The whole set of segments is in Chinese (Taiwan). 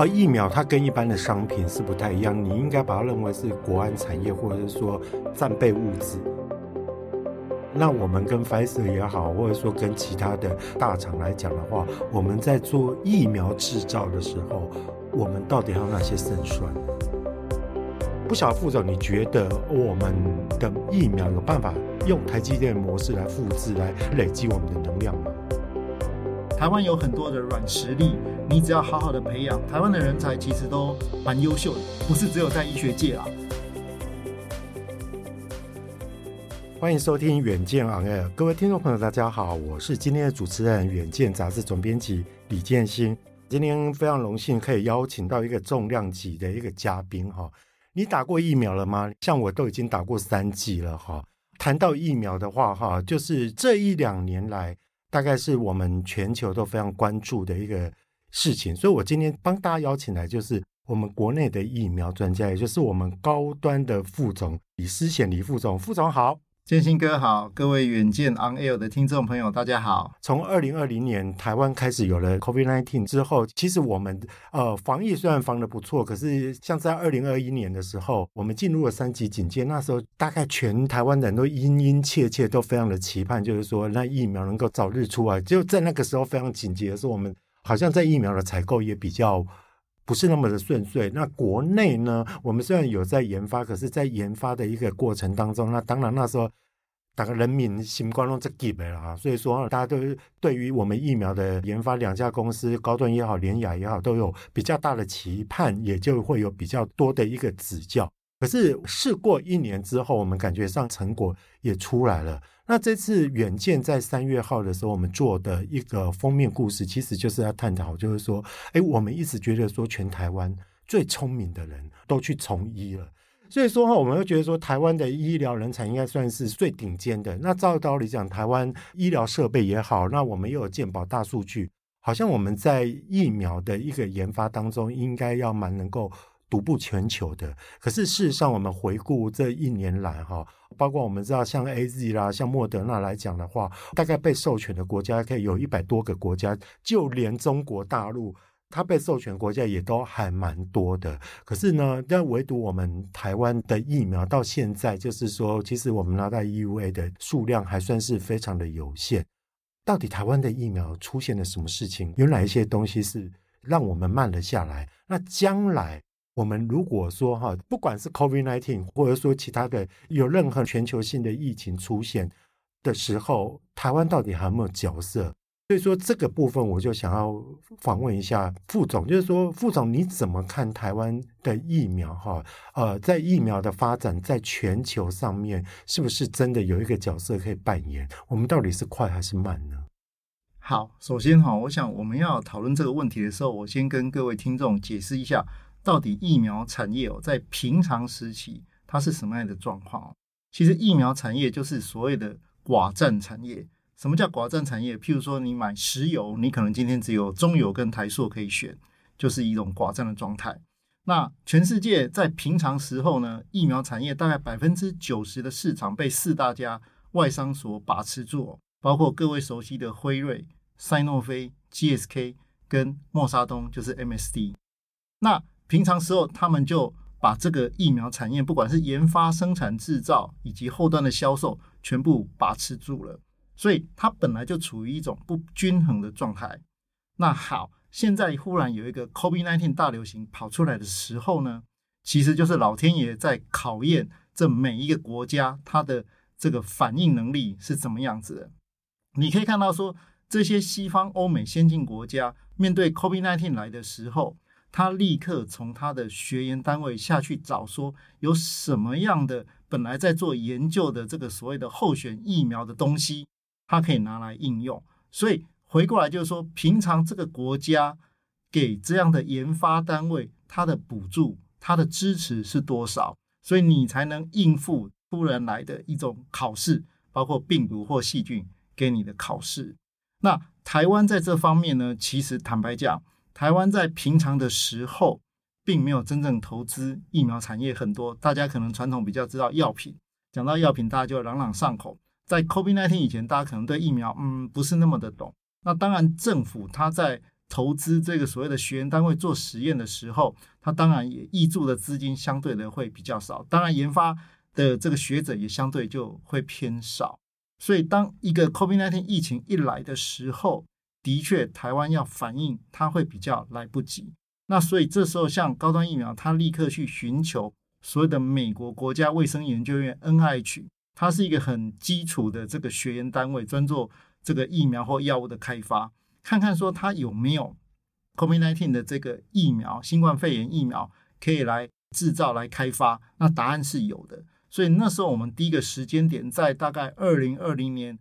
而疫苗它跟一般的商品是不太一樣，你應該把它認為是國安產業，或者是說戰備物資。那我們跟 Pfizer 也好，或者說跟其他的大廠來講的話，我們在做疫苗制造的時候，我們到底有哪些勝算？不曉得副總，你覺得我們的疫苗有辦法用台積電模式來複製，來累積我們的能量嗎？台灣有很多的軟實力，你只要好好的培養，台灣的人才其實都蠻優秀的，不是只有在醫學界啊。歡迎收聽《遠見 On Air》，各位聽眾朋友，大家好，我是今天的主持人、遠見雜誌總編輯李建興。今天非常榮幸可以邀請到一個重量級的一個嘉賓哈。你打過疫苗了嗎？像我都已經打過三劑了哈。談到疫苗的話哈，就是這一兩年來。大概是我們全球都非常關注的一個事情，所以我今天幫大家邀請來，就是我們國內的疫苗專家，也就是我們高端的副總李思賢李副總，副總好。建興哥好，各位遠見 On Air 的聽眾朋友，大家好。從二零二零年台灣開始有了 COVID-19 之後，其實我們呃防疫雖然防得不錯，可是像在二零二一年的時候，我們進入了三級警戒，那時候大概全台灣人都殷殷切切，都非常的期盼，就是說那疫苗能夠早日出來。就在那個時候非常緊急的時候，我們好像在疫苗的採購也比較。不是那麼的順遂。那國內呢？我們雖然有在研發，可是，在研發的一個過程當中，那當然那時候大家人民新冠用這幾杯了啊。所以說，大家都對於我們疫苗的研發，兩家公司高端也好，聯亞也好，都有比較大的期盼，也就會有比較多的一個指教。可是事過一年之後，我們感覺上成果也出來了。那這次遠見在三月號的時候，我們做的一個封面故事，其實就是要探討，就是說，哎，我們一直覺得說，全台灣最聰明的人都去從醫了，所以說哈，我們又覺得說，台灣的醫療人才應該算是最頂尖的。那照道理講，台灣醫療設備也好，那我們又有健保大數據，好像我們在疫苗的一個研發當中，應該要蠻能夠獨步全球的。可是事實上，我們回顧這一年來哈。包括我們知道，像 AZ 啦，像莫德納來講的話，大概被授權的國家可以有一百多個國家，就連中國大陸，它被授權的國家也都還蠻多的。可是呢，但唯獨我們台灣的疫苗到現在，就是說，其實我們拿到 EUA 的數量還算是非常的有限。到底台灣的疫苗出現了什麼事情？有哪一些東西是讓我們慢了下來？那將來？我們如果說哈，不管是 COVID-19，或者說其他的有任何全球性的疫情出現的時候，台灣到底還有沒有角色？所以說，這個部分，我就想要訪問一下副總，就是說副總你怎麼看台灣的疫苗？哈，呃，在疫苗的發展在全球上面，是不是真的有一個角色可以扮演？我們到底是快還是慢呢？好，首先哈，我想我們要討論這個問題的時候，我先跟各位聽眾解釋一下。到底疫苗產業哦，在平常時期它是什麼樣的狀況？其實疫苗產業就是所謂的寡占產業。什麼叫寡占產業？譬如說你買石油，你可能今天只有中油跟台塑可以選，就是一種寡占的狀態。那全世界在平常時候呢，疫苗產業大概百分之九十的市場被四大家外商所把持住，包括各位熟悉的輝瑞、賽諾菲、GSK 跟莫沙東，就是 MSD。那平常時候，他們就把這個疫苗產業，不管是研發、生產、製造以及後端的銷售，全部把持住了。所以它本來就處於一種不均衡的狀態。那好，現在忽然有一個 COVID-19 大流行跑出來的時候呢，其實就是老天爺在考驗這每一個國家它的這個反應能力是怎麼樣子的。你可以看到說，這些西方歐美先進國家面對 COVID-19 來的時候，他立刻從他的學研單位下去找，說有什麼樣的本來在做研究的這個所謂的候選疫苗的東西，他可以拿來應用。所以回過來就是說，平常這個國家給這樣的研發單位，他的補助、他的支持是多少，所以你才能應付突然來的一種考試，包括病毒或細菌給你的考試。那台灣在這方面呢，其實坦白講。台灣在平常的時候，並沒有真正投資疫苗產業很多。大家可能傳統比較知道藥品，講到藥品大家就朗朗上口。在 COVID-19 以前，大家可能對疫苗，嗯，不是那麼的懂。那當然，政府他在投資這個所謂的學院單位做實驗的時候，他當然也挹注的資金相對的會比較少。當然，研發的這個學者也相對就會偏少。所以，當一個 COVID-19 疫情一來的時候，的確，台灣要反應，它會比較來不及。那所以這時候，像高端疫苗，它立刻去尋求所謂的美國國家衛生研究院 （NIH），它是一個很基礎的這個學研單位，專做這個疫苗或藥物的開發，看看說它有沒有 COVID-19 的這個疫苗，新冠肺炎疫苗可以來製造來開發。那答案是有的。所以那時候我們第一個時間點在大概二零二零年。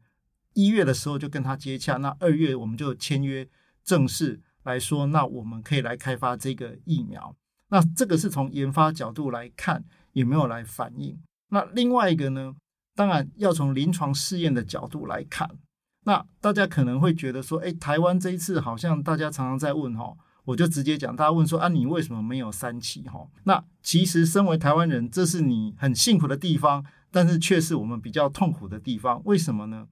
一月的時候就跟他接洽，那二月我們就簽約正式來說，那我們可以來開發這個疫苗。那這個是從研發角度來看，也沒有來反應。那另外一個呢，當然要從臨床試驗的角度來看。那大家可能會覺得說，哎、欸，台灣這一次好像大家常常在問哈，我就直接講，大家問說啊，你為什麼沒有三期哈？那其實身為台灣人，這是你很幸福的地方，但是卻是我們比較痛苦的地方。為什麼呢？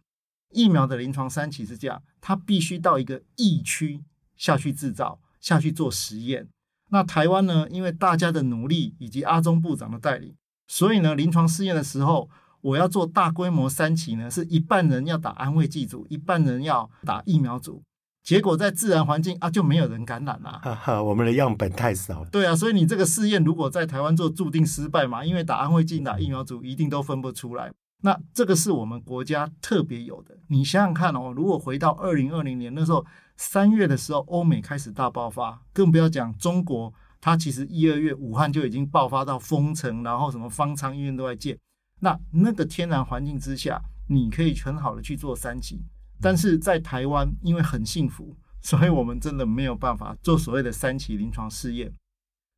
疫苗的臨床三期是這樣，它必須到一個疫區下去製造、下去做實驗。那台灣呢？因為大家的努力以及阿中部長的帶領，所以呢，臨床試驗的時候，我要做大規模三期呢，是一半人要打安慰劑組，一半人要打疫苗組。結果在自然環境啊，就沒有人感染啦，啊。哈哈，我們的樣本太少了。對啊，所以你這個試驗如果在台灣做，注定失敗嘛，因為打安慰劑、打疫苗組一定都分不出來。那這個是我們國家特別有的，你想想看哦，如果回到二零二零年那時候三月的時候，歐美開始大爆發，更不要講中國，它其實一二月武漢就已經爆發到封城，然後什麼方艙醫院都在建。那那個天然環境之下，你可以很好的去做三期，但是在台灣因為很幸福，所以我們真的沒有辦法做所謂的三期臨床試驗。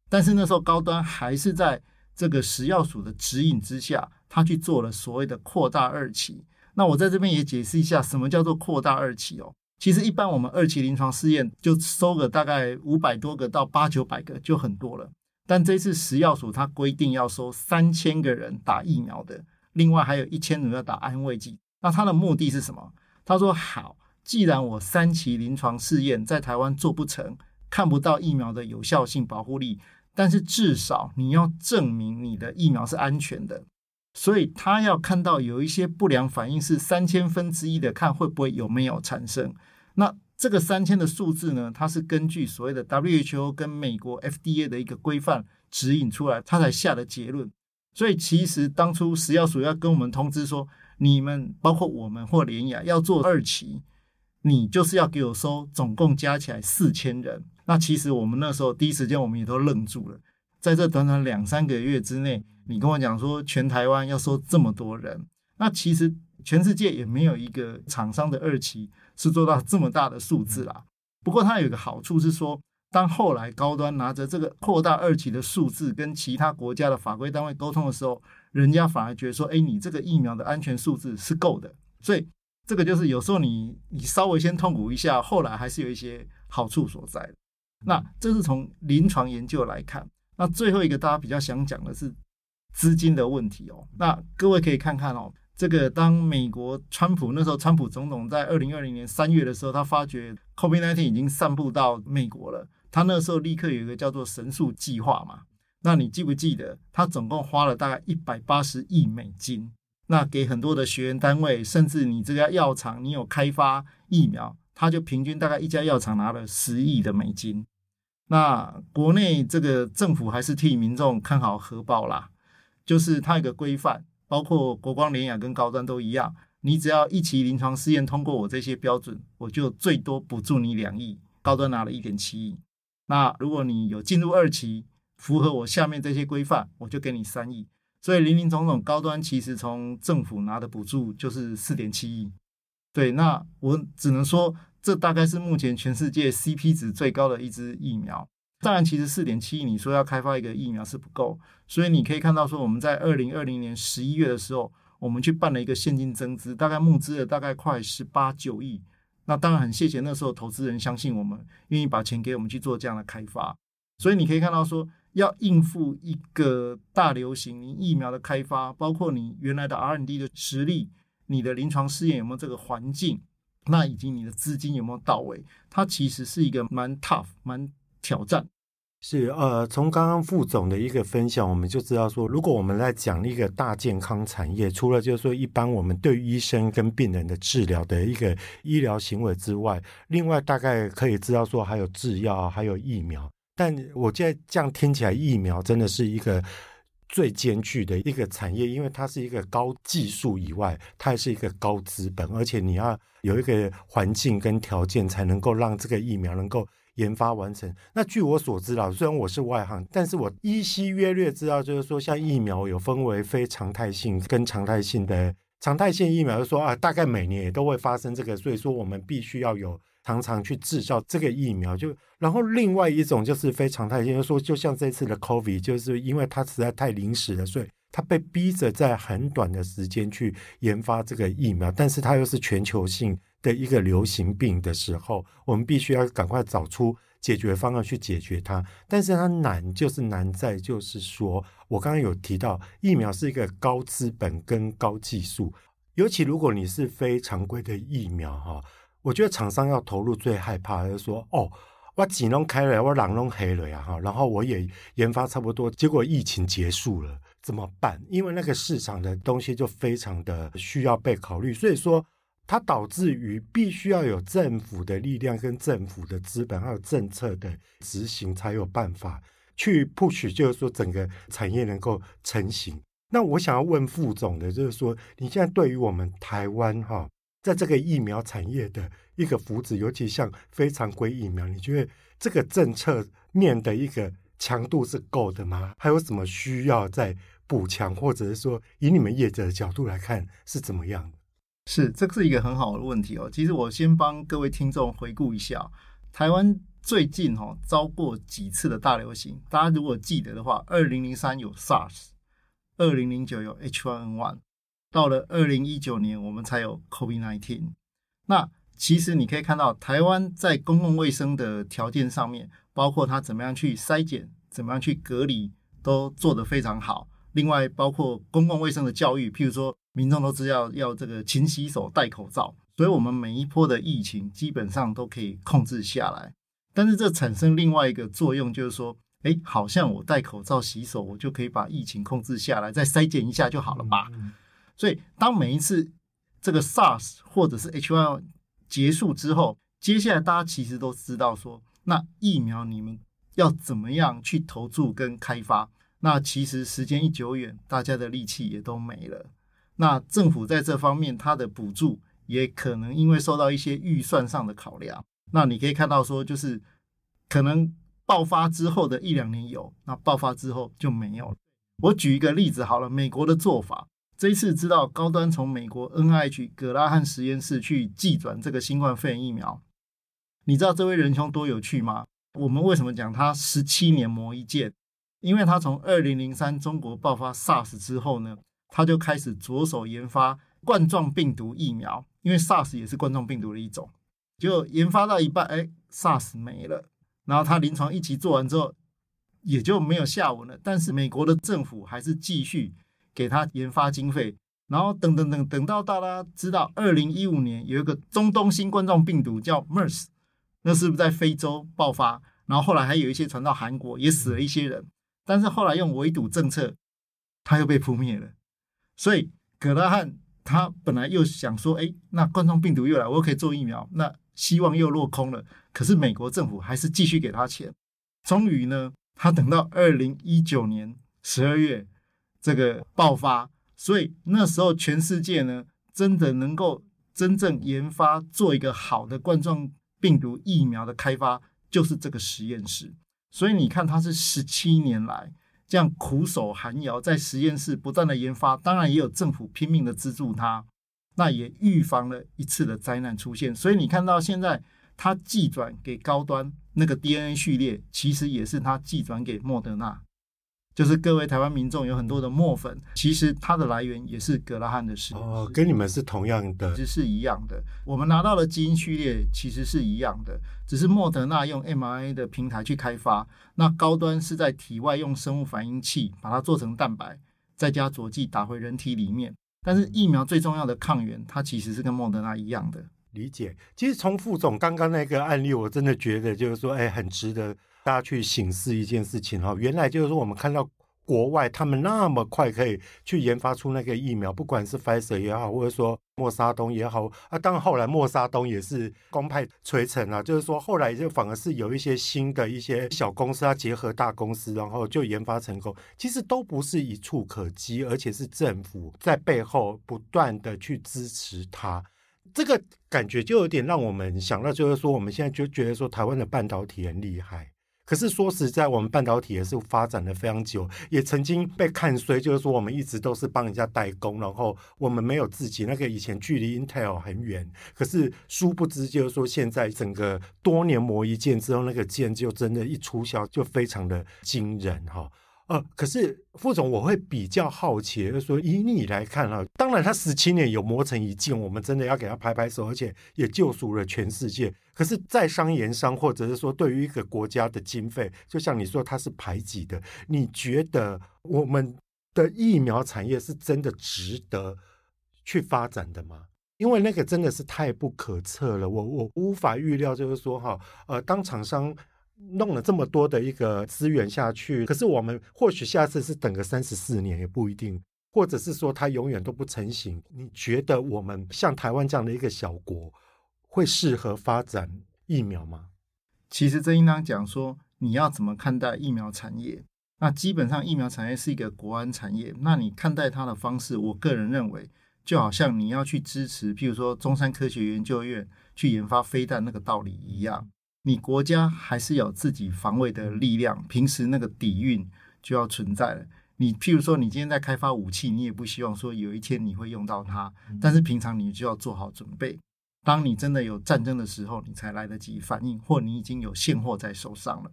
但是那時候高端還是在這個食藥署的指引之下。他去做了所謂的擴大二期，那我在這邊也解釋一下，什麼叫做擴大二期哦？其實一般我們二期臨床試驗就收個大概五百多個到八九百個就很多了，但這次食藥署他規定要收三千個人打疫苗的，另外還有一千人要打安慰劑。那他的目的是什麼？他說好，既然我三期臨床試驗在台灣做不成，看不到疫苗的有效性、保護力，但是至少你要證明你的疫苗是安全的。所以他要看到有一些不良反應是三千分之一的，看會不會有沒有產生。那這個三千的數字呢？它是根據所謂的 WHO 跟美國 FDA 的一個規範指引出來，他才下的結論。所以其實當初食藥署要跟我們通知說，你們包括我們或聯亞要做二期，你就是要給我收總共加起來四千人。那其實我們那時候第一時間我們也都愣住了，在這短短兩三個月之內。你跟我講說，全台灣要收這麼多人，那其實全世界也沒有一個廠商的二期是做到這麼大的數字啦。不過它有一個好處是說，當後來高端拿着這個擴大二期的數字跟其他國家的法規單位溝通的時候，人家反而覺得說，哎，你這個疫苗的安全數字是夠的。所以這個就是有時候你你稍微先痛苦一下，後來還是有一些好處所在的。那這是從臨床研究來看。那最後一個大家比較想講的是。資金的問題哦，那各位可以看看哦，這個當美國川普那時候，川普總統在二零二零年三月的時候，他發覺 COVID-19 已經散布到美國了，他那時候立刻有一個叫做神速計劃嘛，那你記不記得他總共花了大概一百八十億美金，那給很多的學員單位，甚至你這家藥廠，你有開發疫苗，他就平均大概一家藥廠拿了十億的美金，那國內這個政府還是替民眾看好核爆啦。就是它一個規範，包括國光、聯亞跟高端都一樣。你只要一期臨床試驗通過我這些標準，我就最多補助你兩億。高端拿了一點七億。那如果你有進入二期，符合我下面這些規範，我就給你三億。所以林林總總，高端其實從政府拿的補助就是四點七億。對，那我只能說，這大概是目前全世界 CP 值最高的一支疫苗。當然，其實四點七億，你說要開發一個疫苗是不夠，所以你可以看到說，我們在二零二零年十一月的時候，我們去辦了一個現金增資，大概募資了大概快十八九億。那當然很謝謝那時候投資人相信我們，願意把錢給我們去做這樣的開發。所以你可以看到說，要應付一個大流行你疫苗的開發，包括你原來的 R&D 的實力，你的臨床試驗有沒有這個環境，那以及你的資金有沒有到位，它其實是一個蠻 tough 蠻。挑戰是呃，從剛剛副總的一個分享，我們就知道說，如果我們在講一個大健康產業，除了就是說一般我們對醫生跟病人的治療的一個醫療行為之外，另外大概可以知道說，還有制藥，還有疫苗。但我現在這樣聽起來，疫苗真的是一個最艱巨的一個產業，因為它是一個高技術以外，它還是一個高資本，而且你要有一個環境跟條件，才能夠讓這個疫苗能夠。研發完成。那據我所知啊，雖然我是外行，但是我依稀約略知道，就是說像疫苗有分為非常態性跟常態性的。常態性疫苗就說啊，大概每年也都會發生這個，所以說我們必須要有常常去制造這個疫苗。就然後另外一種就是非常態性，就是說就像這次的 COVID，就是因為它實在太臨時了，所以它被逼着在很短的時間去研發這個疫苗，但是它又是全球性。的一個流行病的時候，我們必須要趕快找出解決方案去解決它。但是它難，就是難在就是說，我剛剛有提到疫苗是一個高資本跟高技術，尤其如果你是非常規的疫苗哈，我覺得廠商要投入最害怕的就是說，哦，我錢弄開了，我人弄黑了呀哈，然後我也研發差不多，結果疫情結束了怎麼辦？因為那個市場的東西就非常的需要被考慮，所以說。它導致於必須要有政府的力量跟政府的資本，還有政策的執行，才有辦法去 push，就是說整個產業能夠成型。那我想要問副總的，就是說你現在對於我們台灣哈、哦，在這個疫苗產業的一個福祉，尤其像非常規疫苗，你覺得這個政策面的一個強度是夠的嗎？還有什麼需要再補強，或者是說以你們業者的角度來看是怎麼樣？是，這是一個很好的問題哦。其實我先幫各位聽眾回顧一下、哦，台灣最近哈、哦、遭過幾次的大流行。大家如果記得的話，二零零三有 SARS，二零零九有 H1N1，到了二零一九年我們才有 COVID-19。那其實你可以看到，台灣在公共衛生的條件上面，包括它怎麼樣去篩檢、怎麼樣去隔離，都做得非常好。另外，包括公共衛生的教育，譬如說，民眾都知道要這個勤洗手、戴口罩，所以我們每一波的疫情基本上都可以控制下來。但是，這產生另外一個作用，就是說，哎、欸，好像我戴口罩、洗手，我就可以把疫情控制下來，再篩檢一下就好了吧？所以，當每一次這個 SARS 或者是 H1N1 結束之後，接下來大家其實都知道說，那疫苗你們要怎麼樣去投注跟開發？那其實時間一久遠，大家的力氣也都沒了。那政府在這方面，它的補助也可能因為受到一些預算上的考量。那你可以看到說，就是可能爆發之後的一兩年有，那爆發之後就沒有了。我舉一個例子好了，美國的做法，這一次知道高端從美國 NIH 格拉漢實驗室去技轉這個新冠肺炎疫苗，你知道這位仁兄多有趣嗎？我們為什麼講他十七年磨一劍？因為他從二零零三中國爆發 SARS 之後呢，他就開始着手研發冠狀病毒疫苗，因為 SARS 也是冠狀病毒的一種。就研發到一半，哎，SARS 沒了，然後他臨床一期做完之後，也就沒有下文了。但是美國的政府還是繼續給他研發經費，然後等等等，等到大家知道二零一五年有一個中東新冠狀病毒叫 MERS，那是不是在非洲爆發？然後後來還有一些傳到韓國，也死了一些人。但是後來用圍堵政策，他又被撲滅了。所以葛拉漢他本來又想說，哎、欸，那冠狀病毒又來，我可以做疫苗，那希望又落空了。可是美國政府還是繼續給他錢。終於呢，他等到二零一九年十二月這個爆發，所以那時候全世界呢，真的能夠真正研發做一個好的冠狀病毒疫苗的開發，就是這個實驗室。所以你看，他是十七年來這樣苦守寒窯，在實驗室不斷的研發，當然也有政府拼命的資助他，那也預防了一次的災難出現。所以你看到現在，他技轉給高端那個 DNA 序列，其實也是他技轉給莫德納。就是各位台灣民眾有很多的莫粉，其實它的來源也是格拉漢的事哦，跟你們是同樣的，是是一樣的。我們拿到了基因序列，其實是一樣的，只是莫德納用 mRNA 的平台去開發，那高端是在體外用生物反應器把它做成蛋白，再加佐劑打回人體裡面。但是疫苗最重要的抗原，它其實是跟莫德納一樣的。理解。其實從副總剛剛那個案例，我真的覺得就是說，哎、欸，很值得。大家去省思一件事情哦，原來就是說我們看到國外他們那麼快可以去研發出那個疫苗，不管是 Pfizer 也好，或者說默沙東也好，啊，但後來默沙東也是功敗垂成啊，就是說後來就反而是有一些新的一些小公司啊，結合大公司，然後就研發成功，其實都不是一蹴可及，而且是政府在背後不斷的去支持它。這個感覺就有點讓我們想到就是說，我們現在就覺得說台灣的半導體很厲害。可是說實在，我們半導體也是發展的非常久，也曾經被看衰，就是說我們一直都是幫人家代工，然後我們沒有自己那個以前距離 Intel 很遠。可是殊不知，就是說現在整個多年磨一劍之後，那個劍就真的一出鞘就非常的驚人哈、哦。呃，可是副總，我會比較好奇，就是說，以你來看哈、啊，當然他十七年，有磨成一劍，我們真的要給他拍拍手，而且也救贖了全世界。可是，在商言商，或者是說，對於一個國家的經費，就像你說，它是排擠的，你覺得我們的疫苗產業是真的值得去發展的嗎？因為那個真的是太不可測了，我我無法預料，就是說哈，呃，當廠商。弄了這麼多的一個資源下去，可是我們或許下次是等個三十四年也不一定，或者是說它永遠都不成型。你覺得我們像台灣這樣的一個小國，會適合發展疫苗嗎？其實這應當講說，你要怎麼看待疫苗產業？那基本上疫苗產業是一個國安產業。那你看待它的方式，我個人認為，就好像你要去支持，譬如說中山科學研究院去研發飛彈那個道理一樣。你國家還是有自己防衛的力量，平時那個底蘊就要存在了。你譬如說，你今天在開發武器，你也不希望說有一天你會用到它，但是平常你就要做好準備。當你真的有戰爭的時候，你才來得及反應，或你已經有現貨在手上了。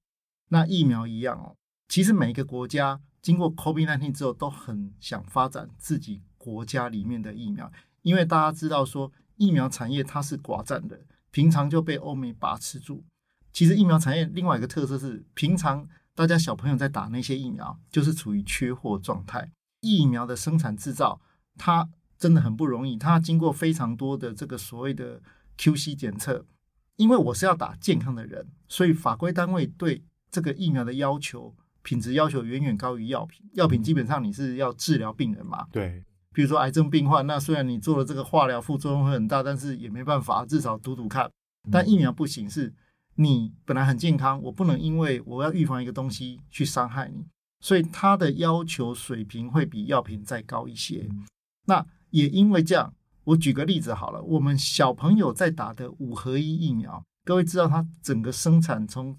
那疫苗一樣哦，其實每一個國家經過 COVID-19 之後，都很想發展自己國家裡面的疫苗，因為大家知道說疫苗產業它是寡占的，平常就被歐美把持住。其實疫苗產業另外一個特色是，平常大家小朋友在打那些疫苗，就是處於缺貨狀態。疫苗的生產製造，它真的很不容易，它經過非常多的這個所謂的 QC 檢測。因為我是要打健康的人，所以法規單位對這個疫苗的要求、品質要求遠遠高於藥品。藥品基本上你是要治療病人嘛？對，比如說癌症病患，那雖然你做了這個化療，副作用會很大，但是也沒辦法，至少賭賭看。但疫苗不行是。你本來很健康，我不能因為我要預防一個東西去傷害你，所以它的要求水平會比藥品再高一些。嗯、那也因為這樣，我舉個例子好了，我們小朋友在打的五合一疫苗，各位知道它整個生產從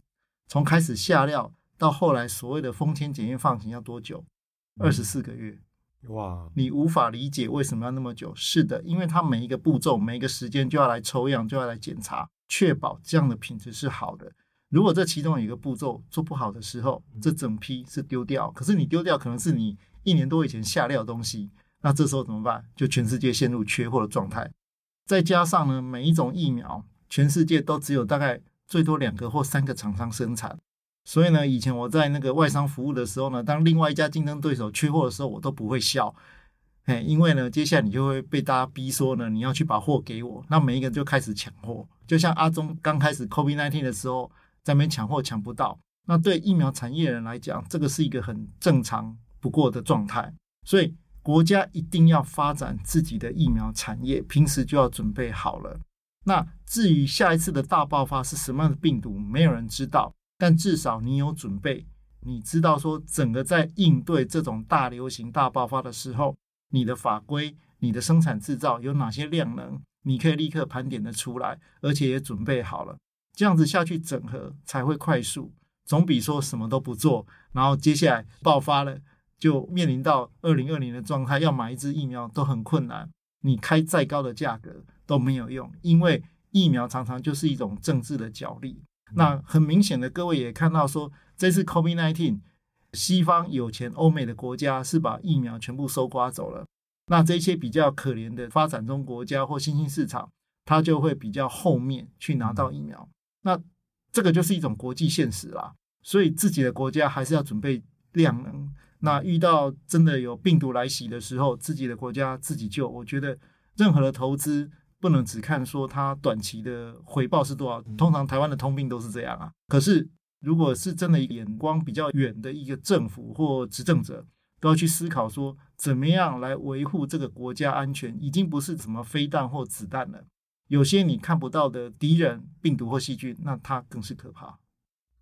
從開始下料到後來所謂的封籤檢驗放行要多久？二十四個月。哇、wow，你無法理解為什麼要那麼久？是的，因為它每一個步驟、每一個時間就要來抽樣，就要來檢查，確保這樣的品質是好的。如果這其中有一個步驟做不好的時候，這整批是丟掉。可是你丟掉可能是你一年多以前下料的東西，那這時候怎麼辦？就全世界陷入缺貨的狀態。再加上呢，每一種疫苗，全世界都只有大概最多兩個或三個廠商生產。所以呢，以前我在那個外商服務的時候呢，當另外一家競爭對手缺貨的時候，我都不會笑，嘿、哎，因為呢，接下來你就會被大家逼說呢，你要去把貨給我，那每一個人就開始搶貨，就像阿中剛開始 COVID-19 的時候在那邊搶貨搶不到。那對疫苗產業人來講，這個是一個很正常不過的狀態，所以國家一定要發展自己的疫苗產業，平時就要準備好了。那至於下一次的大爆發是什麼樣的病毒，沒有人知道。但至少你有準備，你知道說整個在應對這種大流行大爆發的時候，你的法規、你的生產製造有哪些量能，你可以立刻盤點的出來，而且也準備好了。這樣子下去整合才會快速，總比說什麼都不做，然後接下來爆發了，就面臨到二零二零的狀態，要買一支疫苗都很困難，你開再高的價格都沒有用，因為疫苗常常就是一種政治的角力。那很明顯的，各位也看到說，這次 COVID-19，西方有錢歐美的國家是把疫苗全部搜刮走了，那這些比較可憐的發展中國家或新興市場，它就會比較後面去拿到疫苗。嗯、那這個就是一種國際現實啦。所以自己的國家還是要準備量能。那遇到真的有病毒來襲的時候，自己的國家自己就，我覺得任何的投資。不能只看說它短期的回報是多少，通常台灣的通病都是這樣啊。可是，如果是真的眼光比較遠的一個政府或執政者，都要去思考說，怎麼樣來維護這個國家安全，已經不是什麼飛彈或子彈了。有些你看不到的敵人，病毒或細菌，那它更是可怕。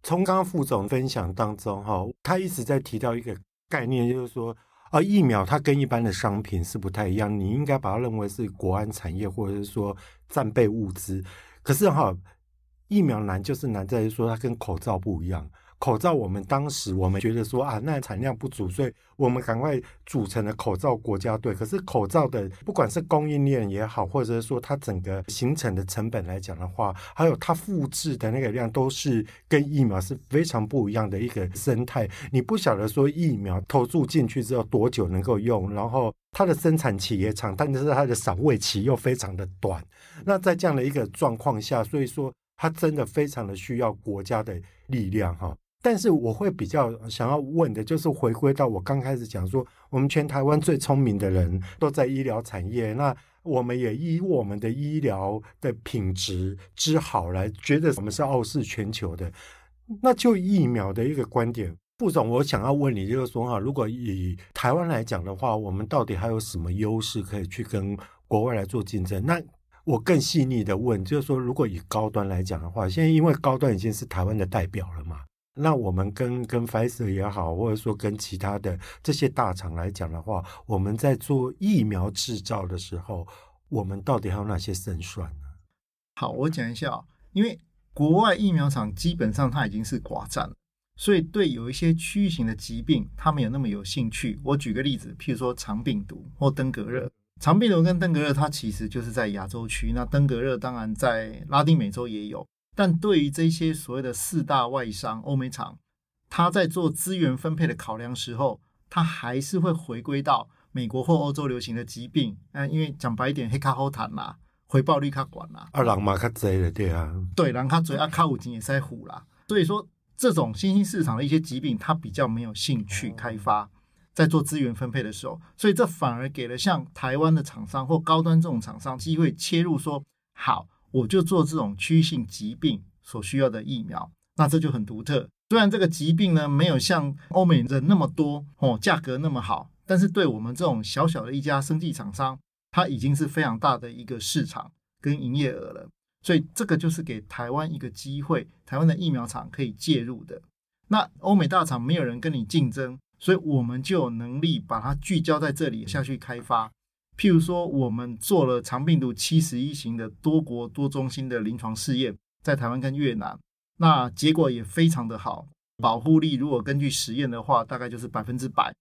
從剛剛副總分享當中，哈，他一直在提到一個概念，就是說。而疫苗它跟一般的商品，是不太一樣，你應該把它認為是國安產業或者是說戰備物資。可是哈，疫苗難就是難在於說它跟口罩不一樣。口罩，我們當時我們覺得說啊，那產量不足，所以我們趕快組成了口罩國家隊。可是，口罩的不管是供應鏈也好，或者說它整個形成的成本來講的話，還有它複製的那個量，都是跟疫苗是非常不一樣的一個生態。你不曉得說疫苗投注進去之後多久能夠用，然後它的生產期也長，但是它的賞味期又非常的短。那在這樣的一個狀況下，所以說它真的非常的需要國家的力量，哈。但是我會比較想要問的，就是回歸到我剛開始講說，我們全台灣最聰明的人都在醫療產業，那我們也以我們的醫療的品質之好來覺得我們是傲視全球的。那就疫苗的一個觀點，副總，我想要問你就是說哈、啊，如果以台灣來講的話，我們到底還有什麼優勢可以去跟國外來做競爭？那我更細膩的問，就是說，如果以高端來講的話，現在因為高端已經是台灣的代表了嘛，那我們跟跟 Pfizer 也好，或者說跟其他的這些大廠來講的話，我們在做疫苗製造的時候，我們到底還有哪些勝算呢？好，我講一下，因為國外疫苗廠基本上它已經是寡占了，所以對有一些區域型的疾病，它沒有那麼有興趣。我舉個例子，譬如說腸病毒或登革熱，腸病毒跟登革熱它其實就是在亞洲區，那登革熱當然在拉丁美洲也有。但對於這些所謂的四大外商、歐美廠，他在做資源分配的考量時候，他還是會回歸到美國或歐洲流行的疾病。嗯、啊，因為講白一點，黑卡好談啦，回報率卡高啦。啊，人嘛卡多的對啊。對，人卡多啊，卡五金也是在虎啦。所以說，這種新興市場的一些疾病，他比較沒有興趣開發，在做資源分配的時候，所以這反而給了像台灣的廠商或高端這種廠商機會切入說，說好。我就做這種區域性疾病所需要的疫苗，那這就很獨特。雖然這個疾病呢，沒有像歐美人那麼多，哦，價格那麼好，但是對我們這種小小的一家生技廠商，它已經是非常大的一個市場跟營業額了。所以這個就是給台灣一個機會，台灣的疫苗廠可以介入的。那歐美大廠沒有人跟你競爭，所以我們就有能力把它聚焦在這裡下去開發。譬如說，我們做了腸病毒七十一型的多國多中心的臨床試驗，在台灣跟越南，那結果也非常的好，保護力如果根據實驗的話，大概就是百分之百。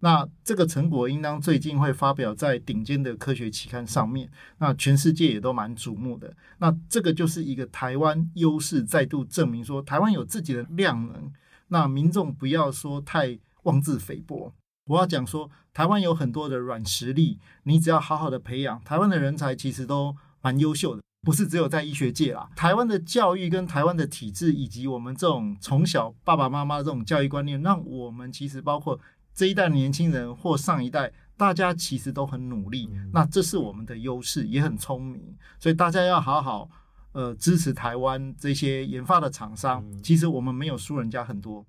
那這個成果應當最近會發表在頂尖的科學期刊上面，那全世界也都蠻矚目的。那這個就是一個台灣優勢再度證明說，說台灣有自己的量能，那民眾不要說太妄自菲薄。我要講說，台灣有很多的軟實力，你只要好好的培養，台灣的人才其實都蠻優秀的，不是只有在醫學界啦。台灣的教育跟台灣的體制，以及我們這種從小爸爸媽媽這種教育觀念，讓我們其實包括這一代的年輕人或上一代，大家其實都很努力。那這是我們的優勢，也很聰明，所以大家要好好呃支持台灣這些研發的廠商。其實我們沒有輸人家很多。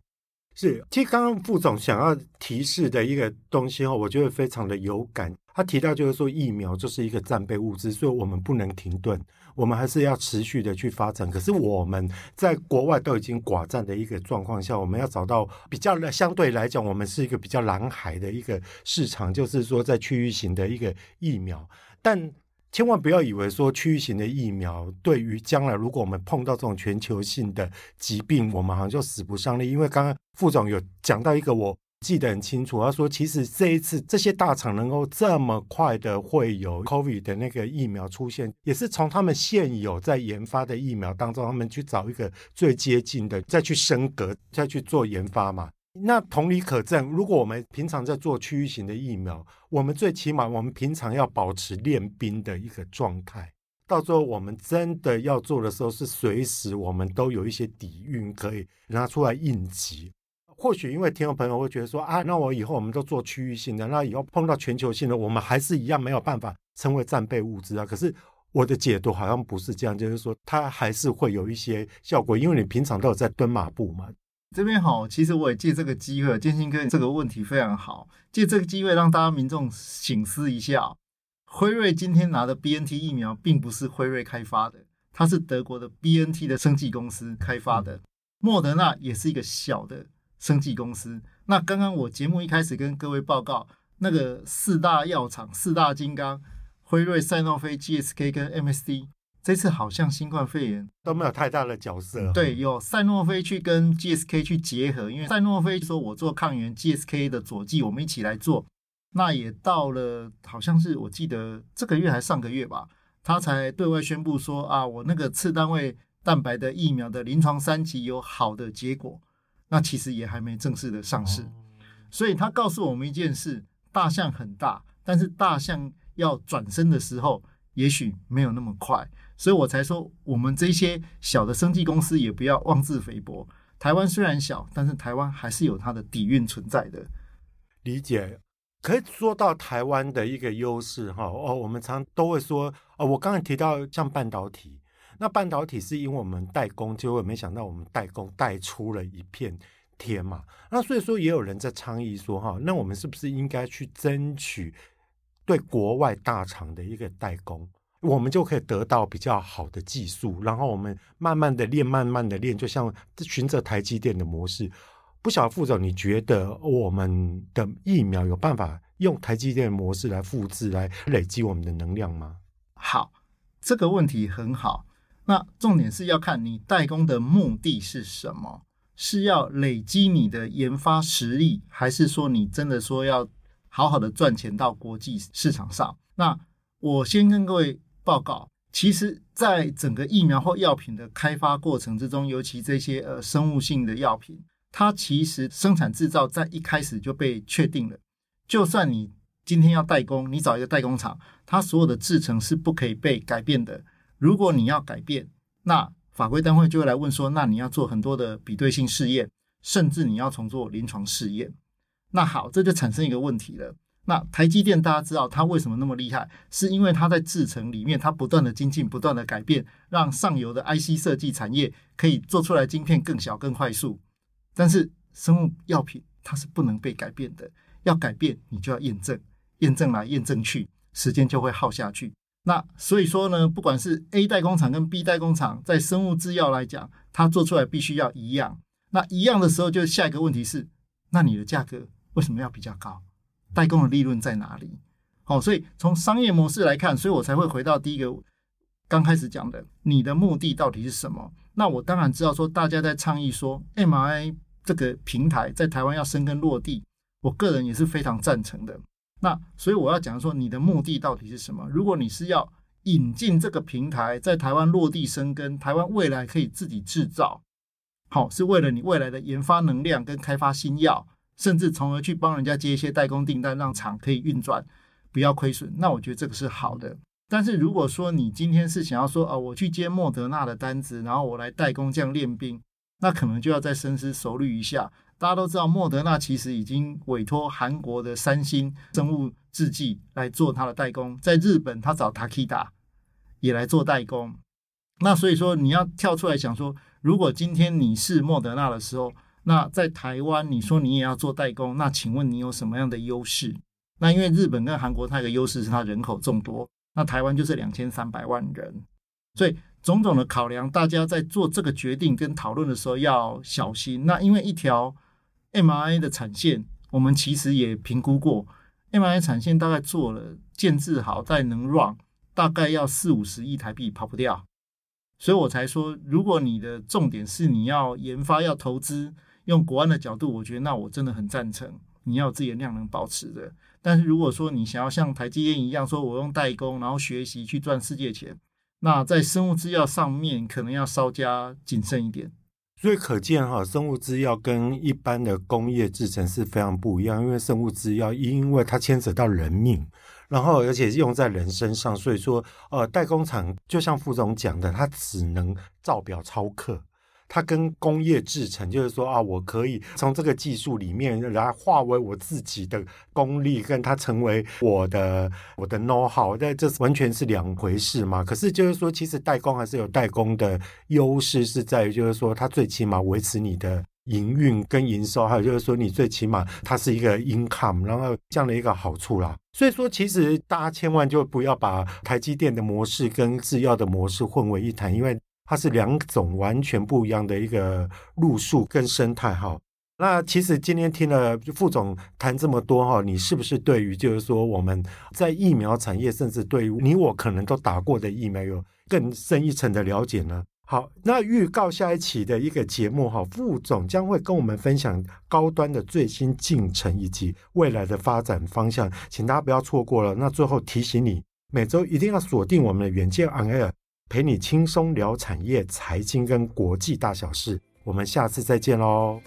是，其實剛剛副總想要提示的一個東西，我覺得非常的有感。他提到就是說，疫苗就是一個戰備物資，所以我們不能停頓，我們還是要持續的去發展。可是我們在國外都已經寡佔的一個狀況下，我們要找到比較的相對來講，我們是一個比較藍海的一個市場，就是說在區域型的一個疫苗，但。千萬不要以為說，區域型的疫苗對於將來，如果我們碰到這種全球性的疾病，我們好像就使不上力。因為剛剛副總有講到一個我記得很清楚，他說其實這一次這些大廠能夠這麼快的會有 COVID 的那個疫苗出現，也是從他們現有在研發的疫苗當中，他們去找一個最接近的，再去升格，再去做研發嘛。那同理可證，如果我們平常在做區域型的疫苗，我們最起碼我們平常要保持練兵的一個狀態，到時候我們真的要做的時候，是隨時我們都有一些底蘊可以拿出來應急。或許因為聽眾朋友會覺得說啊，那我以後我們都做區域性的，那以後碰到全球性的，我們還是一樣沒有辦法成為戰備物資啊。可是我的解讀好像不是這樣，就是說它還是會有一些效果，因為你平常都有在蹲馬步嘛。這邊好，其實我也借這個機會，建信哥這個問題非常好，借這個機會讓大家民眾省思一下，哦。輝瑞今天拿的 BNT 疫苗並不是輝瑞開發的，它是德國的 BNT 的生技公司開發的。嗯、莫德納也是一個小的生技公司。那剛剛我節目一開始跟各位報告那個四大藥廠、四大金剛：輝瑞、賽諾菲、GSK 跟 MSD。這次好像新冠肺炎都沒有太大的角色了。對，有賽諾菲去跟 GSK 去結合，因為賽諾菲說：“我做抗原，GSK 的佐劑，我們一起來做。”那也到了好像是我記得這個月還是上個月吧，他才對外宣布說：“啊，我那個次單位蛋白的疫苗的臨床三期有好的結果。”那其實也還沒正式的上市。哦。所以他告訴我們一件事：大象很大，但是大象要轉身的時候，也許沒有那麼快。所以我才說，我們這些小的生技公司也不要妄自菲薄。台灣雖然小，但是台灣還是有它的底蘊存在的。理解，可以說到台灣的一個優勢哈哦，我們常都會說哦，我剛才提到像半導體，那半導體是因為我們代工，結果沒想到我們代工帶出了一片天嘛。那所以說，也有人在倡議說哈，那我們是不是應該去爭取對國外大廠的一個代工？我們就可以得到比較好的技術，然後我們慢慢的練，慢慢的練，就像循着台積電的模式。不曉得副總，你覺得我們的疫苗有辦法用台積電模式來複製、來累積我們的能量嗎？好，這個問題很好。那重點是要看你代工的目的是什麼，是要累積你的研發實力，還是說你真的說要好好的賺錢到國際市場上？那我先跟各位。報告，其實在整個疫苗或藥品的開發過程之中，尤其這些呃生物性的藥品，它其實生產製造在一開始就被確定了。就算你今天要代工，你找一個代工廠，它所有的製程是不可以被改變的。如果你要改變，那法規單位就會來問說，那你要做很多的比對性試驗，甚至你要重做臨床試驗。那好，這就產生一個問題了。那台積電大家知道它為什麼那麼厲害，是因為它在製程裡面它不斷的精進，不斷的改變，讓上游的 IC 設計產業可以做出來晶片更小、更快速。但是生物藥品它是不能被改變的，要改變你就要驗證，驗證來驗證去，時間就會耗下去。那所以說呢，不管是 A 代工廠跟 B 代工廠，在生物製藥來講，它做出來必須要一樣。那一樣的時候，就下一個問題是，那你的價格為什麼要比較高？代工的利潤在哪裡？好，所以從商業模式來看，所以我才會回到第一個剛開始講的，你的目的到底是什麼？那我當然知道說，大家在倡議說，mRNA 這個平台在台灣要生根落地，我個人也是非常贊成的。那所以我要講說，你的目的到底是什麼？如果你是要引進這個平台在台灣落地生根，台灣未來可以自己製造，好，是為了你未來的研發能量跟開發新藥。甚至從而去幫人家接一些代工訂單，讓廠可以運轉，不要虧損。那我覺得這個是好的。但是如果說你今天是想要說哦、啊，我去接莫德納的單子，然後我來代工這樣練兵，那可能就要再深思熟慮一下。大家都知道，莫德納其實已經委托韓國的三星生物製劑來做它的代工，在日本他找 Takita 也來做代工。那所以說，你要跳出來想說，如果今天你是莫德納的時候。那在台灣，你說你也要做代工，那請問你有什麼樣的優勢？那因為日本跟韓國它有個優勢是它人口眾多，那台灣就是兩千三百萬人，所以種種的考量，大家在做這個決定跟討論的時候要小心。那因為一條 mRNA 的產線，我們其實也評估過，mRNA 產線大概做了建置好再能 run 大概要四五十億台幣跑不掉，所以我才說，如果你的重點是你要研發要投資。用國安的角度，我覺得那我真的很贊成你要自己的量能保持的。但是如果說你想要像台積電一樣，說我用代工，然後學習去賺世界錢，那在生物製藥上面可能要稍加謹慎一點。所以可見哈，生物製藥跟一般的工業製程是非常不一樣，因為生物製藥因為它牽扯到人命，然後而且用在人身上，所以說呃代工廠就像副總講的，它只能照表操課。它跟工業製程，就是說啊，我可以從這個技術裡面來化為我自己的功力，跟它成為我的我的 know how，但這完全是兩回事嘛。可是就是說，其實代工還是有代工的優勢，是在於就是說，它最起碼維持你的營運跟營收，還有就是說，你最起碼它是一個 income，然後這樣的一個好處啦。所以說，其實大家千萬就不要把台積電的模式跟制藥的模式混為一談，因為。它是兩種完全不一樣的一個路數跟生態哈。那其實今天聽了副總談這麼多哈，你是不是對於就是說我們在疫苗產業，甚至對於你我可能都打過的疫苗有更深一層的了解呢？好，那預告下一期的一個節目哈，副總將會跟我們分享高端的最新進程以及未來的發展方向，請大家不要錯過了。那最後提醒你，每週一定要鎖定我們的遠見 on air 陪你輕鬆聊產業、財經跟國際大小事，我們下次再見嘍。